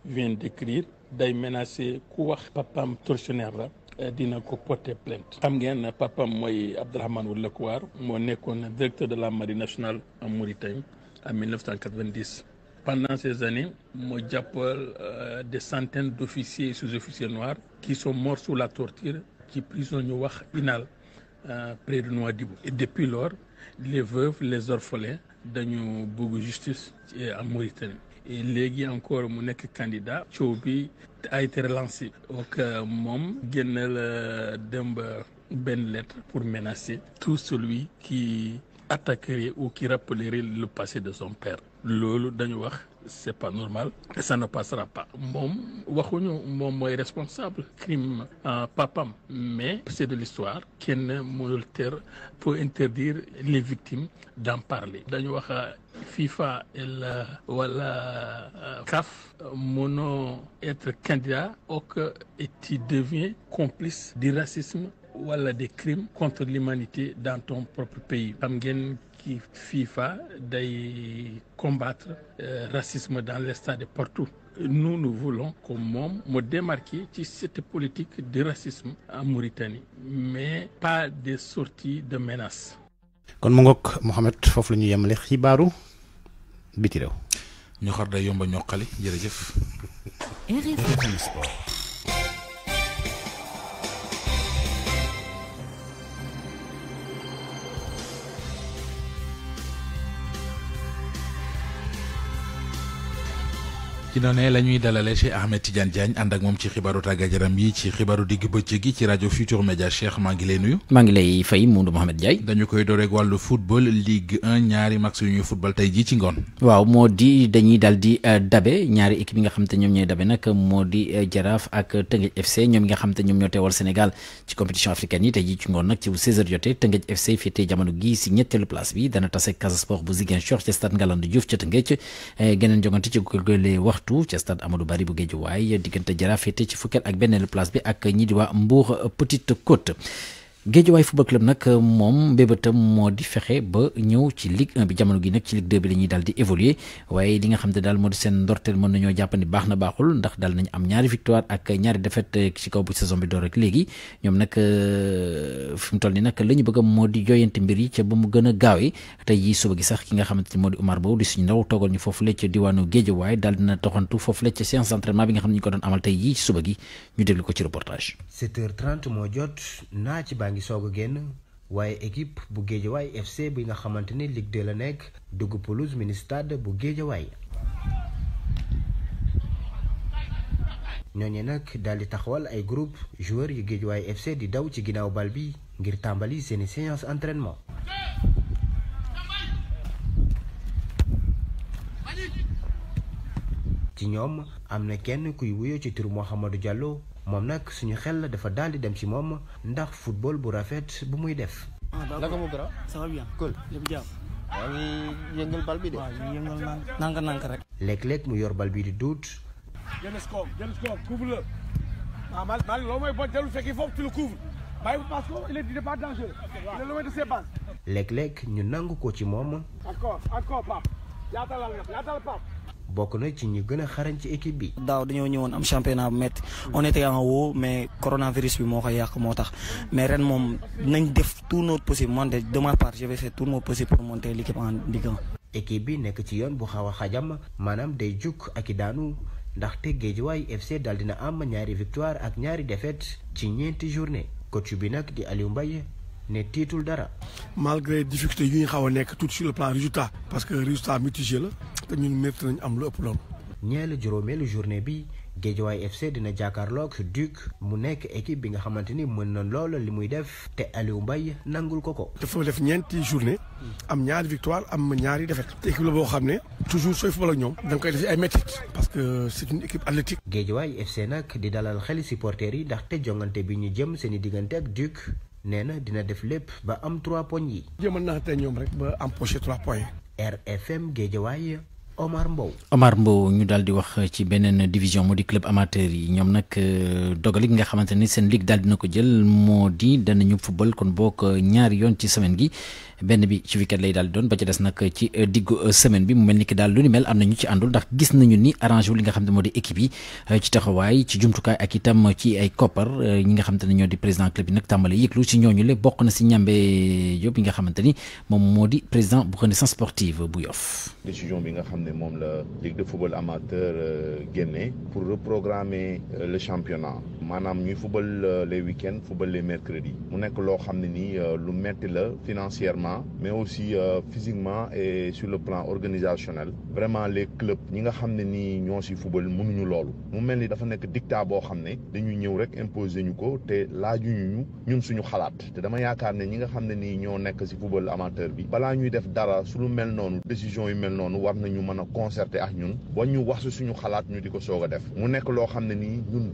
vient d'écrire day menacer papam tortionnaire euh, dina ko porter plainte xam ngeen papam mooy Abdourahmane Oulakouar. directeur de la marine nationale en Mauritanie en 1990 pendant ces années moo euh, des centaines d'officiers et sous-officiers noirs qui sont morts sous la torture qui prison ñu Inal euh, près de Nouadhibou et depuis lors les veuves les orphelins dañu bëgg justice en Mauritanie et léegi encore mu nekk candidat coow a été relancé. Donc euh, moom génnal ben lettre pour menacer tout celui qui attaquerait ou qui rappellerait le passé de son père lolu dañu c'est pas normal et ça ne passera pas mom waxuñu mom moy responsable crime papam mais c'est de l'histoire kenn mënul pour interdire les victimes d'en parler dañu wax FIFA la euh, CAF mono être candidat ou que tu deviens complice du racisme wala des crimes contre l'humanité dans ton propre pays FIFA day combattre euh, racisme dans les stades partout nous nous voulons que me démarquer cette politique de racisme en Mauritanie mais pas des sorties de menaces ci noonee la ñuy dalale Cheikh Ahmed Tidiane Diagne ànd ak moom ci xibaaru tàggat yaram yi ci xibaaru digg bëccëg ci rajo Futur Media Cheikh maa ngi lay nuyu. maa ngi lay fay Moundou Mohamed Ndiaye. dañu koy dooreeg wàllu football Ligue 1 ñaari match yu ñuy football tey jii ci ngoon. waaw moo di dañuy daal di euh, dabe ñaari équipe yi nga xam te ñoom ñooy dabe nag moo di euh, Jaraaf ak Tëngéej FC ñoom yi nga xam te ñoom ñoo teewal Sénégal ci compétition africaine yi tey jii ci ngoon nag ci bu 16 jotee Tëngéej FC féetee jamono gi waxtu ci stade Amadou bari bu way diggante jara fété ci fukket ak benen place bi ak ñi di wa Mbour eh, eh, Petite Côte Guédiawaye football club nag moom mbébétam moo di fexe ba ñëw ci Ligue jamono gi nag ci Ligue la ñuy daal di évoluer waaye li nga xam ne daal moo di seen ndorteel mën nañoo jàpp ni baax na baaxul ndax daal nañ am ñaari victoire ak ñaari défaite eh, ci kaw bu saison bi door rek léegi ñoom eh, la ñu bëgg moo di jooyante mbir yi ca ba mu gën a gaawee tey jii suba gi sax ki nga xamante ni moo di Oumar Bow di suñu ndaw toogal ñu foofu la ca diwaanu Guédiawaye daal dina toxantu foofu la ca séance d'entraînement bi nga xam ne ñu ko doon amal tey jii ci suba gi ñu déglu ko ci reportage ngi soog a génn waaye équipe bu Géejawaay FC bi nga xamante ni Ligue la nekk dugg pelouse mini stade bu Géejawaay nag daal taxawal ay groupe joueurs yu Géejawaay FC di daw ci ginnaaw bal bi ngir tàmbali seeni séance entraînement. ci ñoom am na kenn kuy wuyoo ci turu Mouhamadou Diallo. mom nak suñu xel dafa daal di dem ci mom ndax football bu rafet bu muy def. la ko mo gra ça va bien cool lépp jàmm. yaa ngi yëngal bal bi de. wa ñu yëngal nang nang rek. lek lek mu yor bal bi di doute. Je si koom Je le koom couvre mal ah lo man pas mooy boo dellu faut que tu le couvre Mais parce que il est pas dangereux. il est loin de ses bases. lek lek ñu nang ko ci moom. encore encore Pape yaatalal nga yaatal Pape. bokk na ci ñi gën a xarañ ci équipe bi. daaw dañoo ñëwoon am championnat met métti on était en haut mais coronavirus bi moo koy yàq moo tax mais ren moom nañ def tout notre possible man de de ma part je vais faire tout mon possible bi nekk ci yoon bu xaw a xajam maanaam day jukk ak i daanu ndaxte Guédiawaye FC dal dina am ñaari victoire ak ñaari défaite ci ñeenti journée coach bi nag di Aliou mbay ne tiitul dara. malgré difficulté yu ñu xaw a tout sur le plan résultat parce que résultat mitigé la té ñun mérite nañ am lu ëpp loolu. ñeelu juróomeelu journée bi Guédiawaye FC dina jàkkaarloog Duc mu nek équipe bi nga xamanteni ni mën na lool li muy def té Aliou Mbaye nangul koko ko. dafa def ñenti journée am ñaari victoire am ñaari défaite. équipe la boo xam toujours soy football ak ñom dang koy def ay métit parce que c'est une équipe athlétique. Guédiawaye FC nak di dalal xeli supporter yi té jongante bi ñu jëm seen i ak Duc. nee na dina def lépp ba am trois poñ yi. jéem a naxatee ñoom rek ba empoché trois points RFM waaye Omar Mbow. Omar Mbow ñu daal di wax ci beneen division moo di club amateur yi ñoom nag euh, dogal gi nga xamante ni seen ligue daal dina ko jël moo di danañu football kon bokk euh, ñaari yoon ci semaine gi. benn bi ci week lay daal doon ba ci des nag ci diggu semaine bi mu mel ni ki daal lu ni mel am nañu ci àndul ndax gis nañu ni arrangé wu li nga xam ne moo di équipe yi euh, ci taxawaay ci jumtukaay ak itam ci ay koppar euh, ñi nga xamante ne ñoo di président club bi nag tàmbale yëglu ci ñooñu le bokk na si ñambe Diop bi nga xamante ni moom moo di président bu renaissance sportive bu Yoff. décision bi nga xam ne moom la ligue de football amateur euh, génne pour reprogrammer le championnat maanaam ñuy football les week-ends football les mercredis mu nekk loo xam ne nii lu metti la financièrement mais aussi euh, physiquement et sur le plan organisationnel. Vraiment, les clubs, ñi nga ne sommes football mënuñu loolu mu mel dafa nekk dictat boo xam nous dañuy rek imposer Nous sommes te les ñu ñun suñu xalaat te dama yaakaar ne ñi nga nous ni football amateur bi ñuy def dara nous mel nous décision yu mel war nañu concerter ak ñun ba ñu wax nous xalaat ñu les ko def mu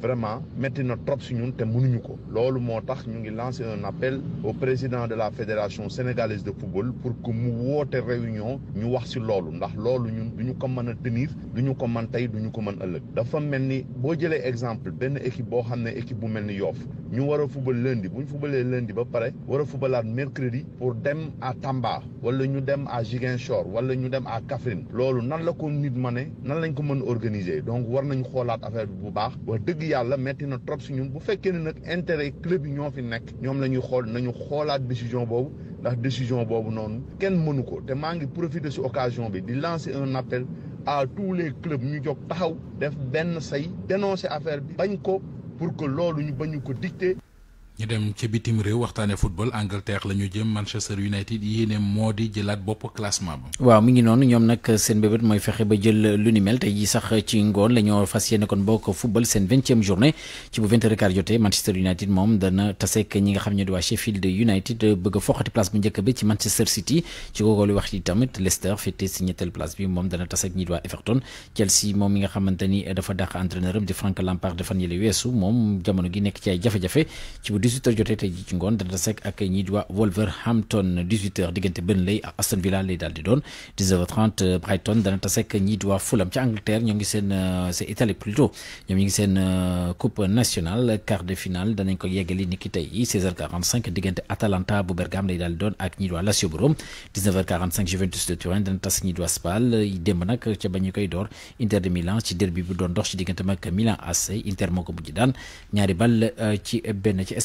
vraiment na trop te un appel au président de la fédération sénégalaise ministre de football pour que mu woote réunion ñu wax si loolu ndax loolu ñun du ko mën a tenir du ko mën tey du ko mën ëllëg dafa mel ni boo jëlee exemple benn équipe boo xam ne équipe bu mel ni Yoff ñu war a football lundi buñ ñu footballee lundi ba pare war a footballaat mercredi pour dem à Tamba wala ñu dem à Ziguinchor wala ñu dem à Kaffrine loolu nan la ko nit mëne nan lañ ko mën organiser donc war nañ xoolaat affaire bi bu baax wa dëgg yàlla metti na trop si ñun bu fekkee ne nag intérêt club yi ñoo fi nekk ñoom la ñuy xool nañu xoolaat décision boobu la décision boobu noonu kenn mënu ko te maa ngi profiter ci occasion bi di lancer un appel à tous les clubs ñu jóg taxaw def benn say dénoncer affaire bi ko pour que loolu ñu bañu ko dicter. ñu dem ci bitim rew waxtane football Angleterre lañu jëm Manchester United yene modi jëlat bop classement ba waaw mi ngi non ñom nak seen bebet moy fexé ba jël lu ni mel tay ji sax ci ngone lañu fasiyene kon bok football seen 20e journée ci bu 20 heures quart Manchester United mom dana ke ñi nga xamni do Sheffield United bëgg foxati place bu ñëk bi ci Manchester City ci gogol wax ci tamit Leicester fété si ñetteel place bi mom dana tassé ñi do Everton Chelsea mom mi nga xamanteni dafa dakh entraîneur di Frank Lampard ñi le wessu mom jamono gi nekk ci ay jafé jafé ci bu 18h jotee ji ci ngoon dana sek ak ñi di Wolverhampton 18h diggante Burnley ak Aston Villa lay dal di doon 19h30 euh, Brighton dana tasek ñi di Fulham ci Angleterre ñoo ngi seen euh, c'est Italie plutôt ñoom ñi ngi seen euh, coupe nationale quart de finale danañ ko yeggali niki tay 16h45 diggante Atalanta bu Bergame lay dal doon ak ñi di Lazio bu Rome 19h45 Juventus de Turin dana tas ñi di Spal démb dem nak ci bañu koy dor Inter de Milan ci derby bu doon dox ci diggante mak Milan AC Inter moko bu mujj daan ñaari bal ci ben ci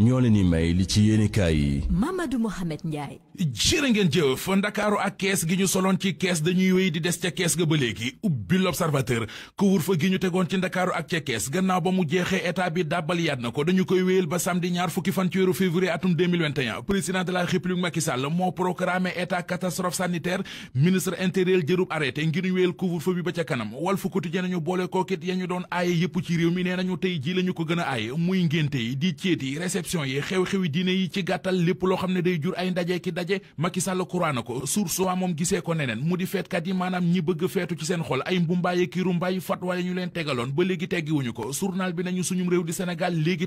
ñoo leen di may li ci yéenekaay yi Mamadou Mohamed Ndiaye jërë ngeen jëf ndakaaru ak kees gi ñu soloon ci kees dañuy wéy di des ca kees ga ba léegi ubbi l'observateur couvre-feu gi ñu tegoon ci ndakaaru ak ca kees gannaaw ba mu jeexee état bi dàbbal yaat na ko dañu koy wéyal ba samedi ñaar fukki fan ci weeru février atum président de la république Macky Sall moo programmé état catastrophe sanitaire ministre intérieur jërub arrêté ngir ñu wéyal couvre bi ba ca kanam Walf Quotidien nañu boole kookit ya ñu a daje Macky Sall kuraan ko source yi maanaam ñi bëgg feetu ci seen xol ay mbumbaay ki rumbaay fatwa yi ñu leen tegaloon ba léegi teggiwuñu ko journal bi nañu suñum réew di Sénégal yegg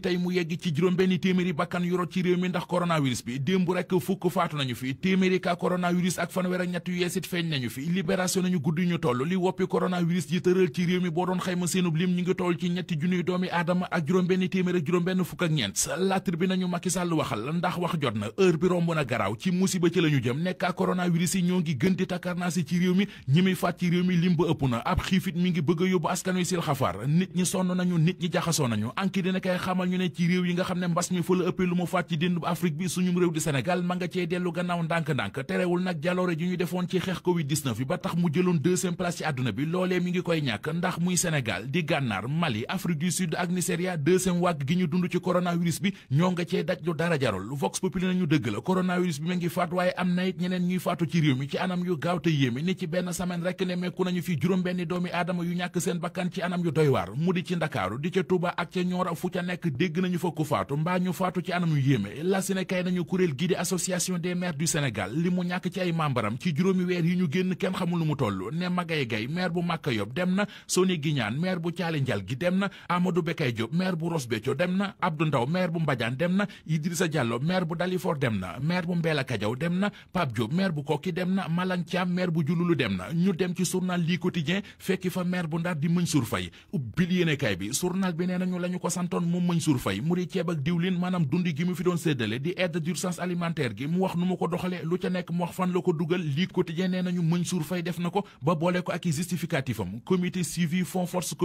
ci juróom-benn téeméeri bakkan yu rot ci réew mi ndax coronavirus bi démb rek fukk faatu nañu fi téeméeri ka coronavirus ak fanweer ak ñett yu yeesit feeñ nañu fi libération nañu gudd ñu toll li woppi coronavirus ji tëral ci réew mi boo doon xayma seenub lim ñu ngi toll ci ñetti junniy doomi aadama ak juróom-benn téeméer ak juróom-benn fukk ak ñeent la tribune nañu Macky Sall waxal ndax wax jot na heure bi romb na garaaw ci musiba ci lañu jëm nek ak coronavirus yi ñoo ngi gën di takarna ci réew mi ñi mingi fat ci réew mi lim ba ëpp na ab xifit mi ngi bëgg a askan wi sil xafar nit ñi sonn nañu nit ñi jaxaso nañu anki dina kay xamal ñu ne ci réew yi nga xamne mbass mi fa la ëppé lu mu fat ci dindu Afrique bi suñu réew di Sénégal ma nga ci déllu gannaaw ndank ndànk terewul nak jaloore ji ñu defoon ci xex Covid 19 bi ba tax mu jëlon deuxième place ci aduna bi lolé mi ngi koy ñak ndax muy Sénégal di gannar Mali Afrique du Sud ak Nigeria deuxième wag gi ñu dund ci coronavirus bi ñoo nga cee daj lu dara jarol vox populi nañu dëgg la coronavirus bi mi ngi faatu waaye am na ñeneen ñuy faatu ci réew mi ci anam yu gaaw te yéeme ni ci benn semaine rek ne meeku nañu fi juróom-benni doomi aadama yu ñàkk seen bakkan ci anam yu doy waar mu di ci ndakaaru di ca Tuuba ak ca Ñooro fu ca nekk dégg nañu fa ku faatu mbaa ñu faatu ci anam yu yéeme la si ne kay nañu kuréel gi di association de maires du Sénégal li mu ñàkk ci ay membaram ci juróomi weer yi ñu génn kenn xamul lu mu toll ne Magay Gay maire bu Màkka Yob dem na Soni Giñaan maire bu Caali Njal gi dem na Amadou Bekay Diop maire bu Ross Béthio dem na Abdou Ndaw maire bu Mbadiane dem na Idrissa Diallo maire bu Dalifort dem na maire bu Mbeela Diaw dem na Pape Diop maire bu Kokki dem na Malang Thiam maire bu Diouloulou dem na ñu dem ci journal lii quotidien fekki fa maire bu Ndar di Mansour Faye ubbil yéenekaay bi journal bi nee nañu la ñu ko santoon moom Mansour Faye mu di ceeb ak diwlin maanaam dundi gi mu fi doon séddale di aide d'urgence alimentaire gi mu wax nu mu ko doxale lu ca nekk mu wax fan la ko dugal lii quotidien nee nañu Mansour Faye def na ko ba boole ko ak i justificatifam comité suivi fonds force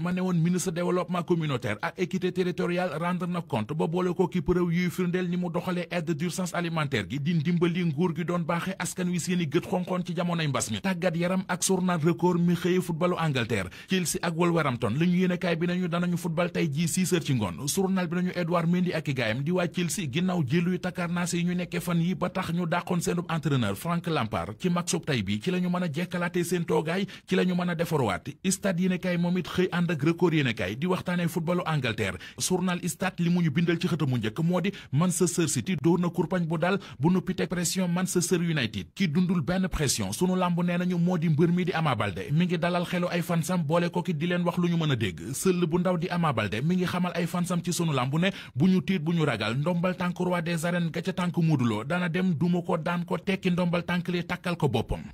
ma ne woon ministre développement communautaire ak équité territoriale rendre na compte ba ko ki preuve yuy firndeel ni mu doxalee aide d'urgence alimentaire gi di ndimbali nguur gi doon baaxee askan wi seeni gët xonxoon ci jamonoy mbas mi tàggat yaram ak journal record mi xëye footballu Angleterre Chelsea ak Wolverhampton la ñu yéenekaay bi nañu danañu football tey jii six ci ngoon journal bi nañu Edouard Mendy ak i gaayam di waa Chelsea ginnaaw jëluyu takkarnaase yi ñu nekkee fan yi ba tax ñu dàqoon seenub entraîneur Frank Lampard ci matchub tey bi a jekkalaatee mu kemudi moo Manchester City do na kurpañ bu dal bu nuppi pression Manchester United ki dundul ben pression suñu lamb nenañu nañu moo di mi di amabalde mi ngi dalal xelu ay fansam bolé ko ki di leen wax luñu mëna dégg seul bu ndaw di amabalde mi ngi xamal ay fansam ci suñu lamb ne buñu tiit buñu ragal ndombal tank roi des arènes ga ca dana dem duma ko daan ko tekki ndombal tank li takal ko bopam